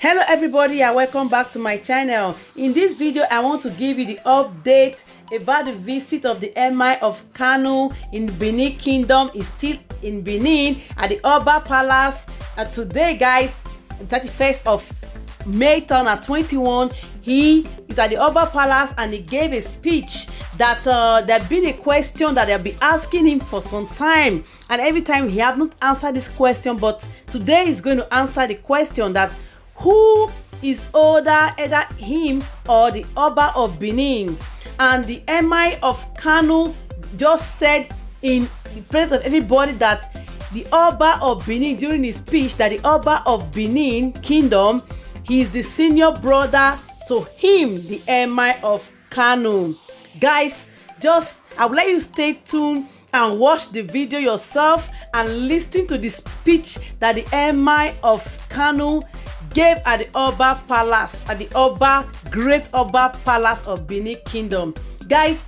hello everybody and welcome back to my channel in this video i want to give you the update about the visit of the mi of kanu in benin kingdom is still in benin at the oba palace uh, today guys 31st of may 2021 he is at the oba palace and he gave a speech that uh, there been a question that they'll be asking him for some time and every time he have not answered this question but today he's going to answer the question that who is older either him or the Oba of Benin. And the Emir of Kanu just said in the presence of everybody that the Oba of Benin during his speech that the Oba of Benin kingdom he is the senior brother to him the Emir of Kanu. Guys, just I will let you stay tuned and watch the video yourself and lis ten to the speech that the Emir of Kanu gave at the Oba Palace, at the Oba, Great Oba Palace of Benin Kingdom. Guys,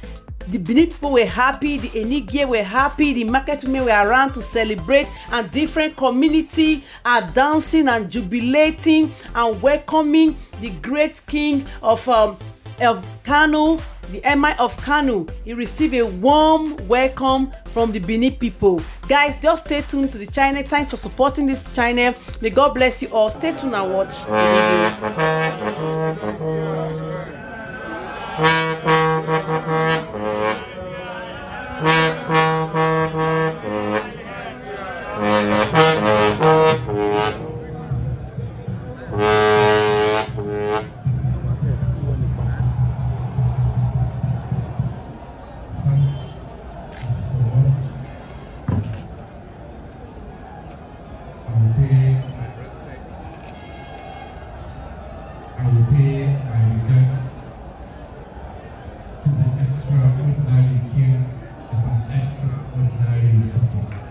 the Benin people were happy, the Enigie were happy, the market women were around to celebrate, and different community are dancing and jubilating and welcoming the great king of um, of Kano the Emir of Kano, he received a warm welcome from the Benin people. Guys, just stay tuned to the channel. Thanks for supporting this channel. May God bless you all. Stay tuned and watch the video. I will pay my regards to extra extraordinary care of an extraordinary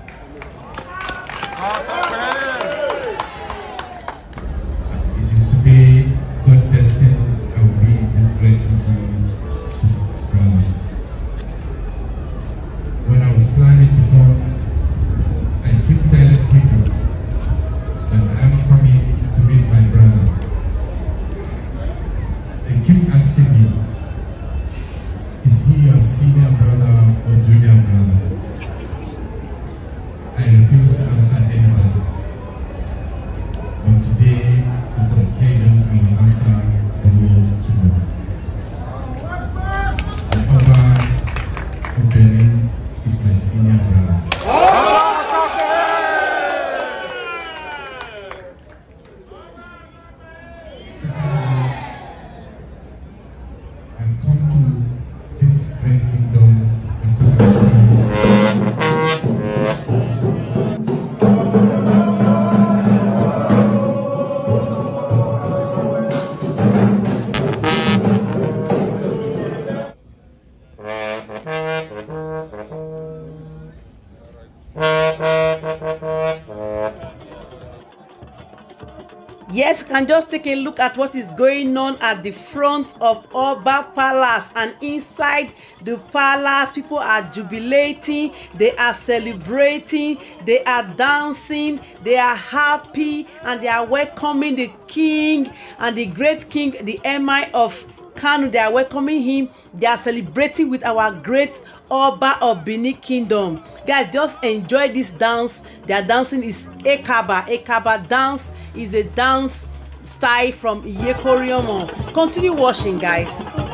Yes, can just take a look at what is going on at the front of Oba Palace and inside the palace. People are jubilating, they are celebrating, they are dancing, they are happy, and they are welcoming the king and the great king, the Emir of Kanu. They are welcoming him. They are celebrating with our great Oba of Benin Kingdom. Guys, just enjoy this dance. Their dancing is Ekaba, Ekaba dance is a dance style from Iyekoriyomo. Continue watching, guys.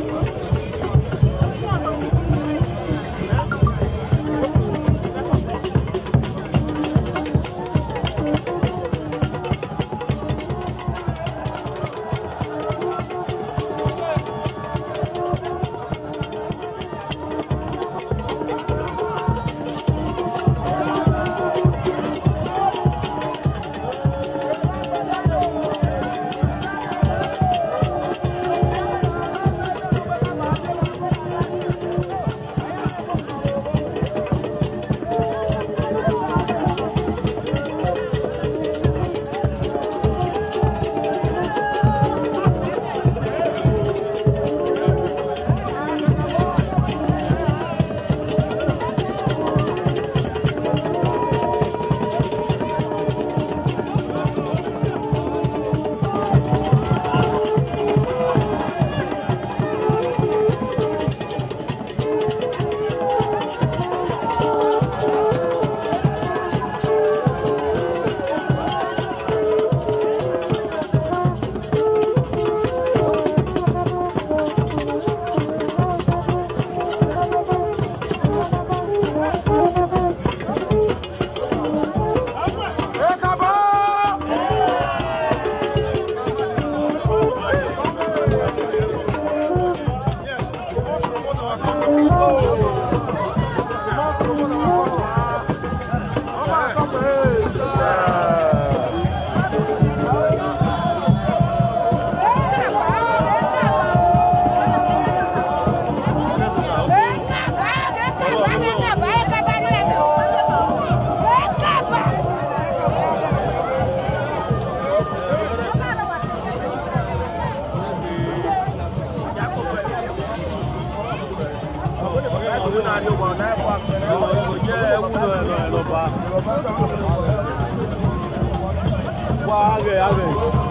Thank you. nadio bwana naye kwa ngoje ulo lo lo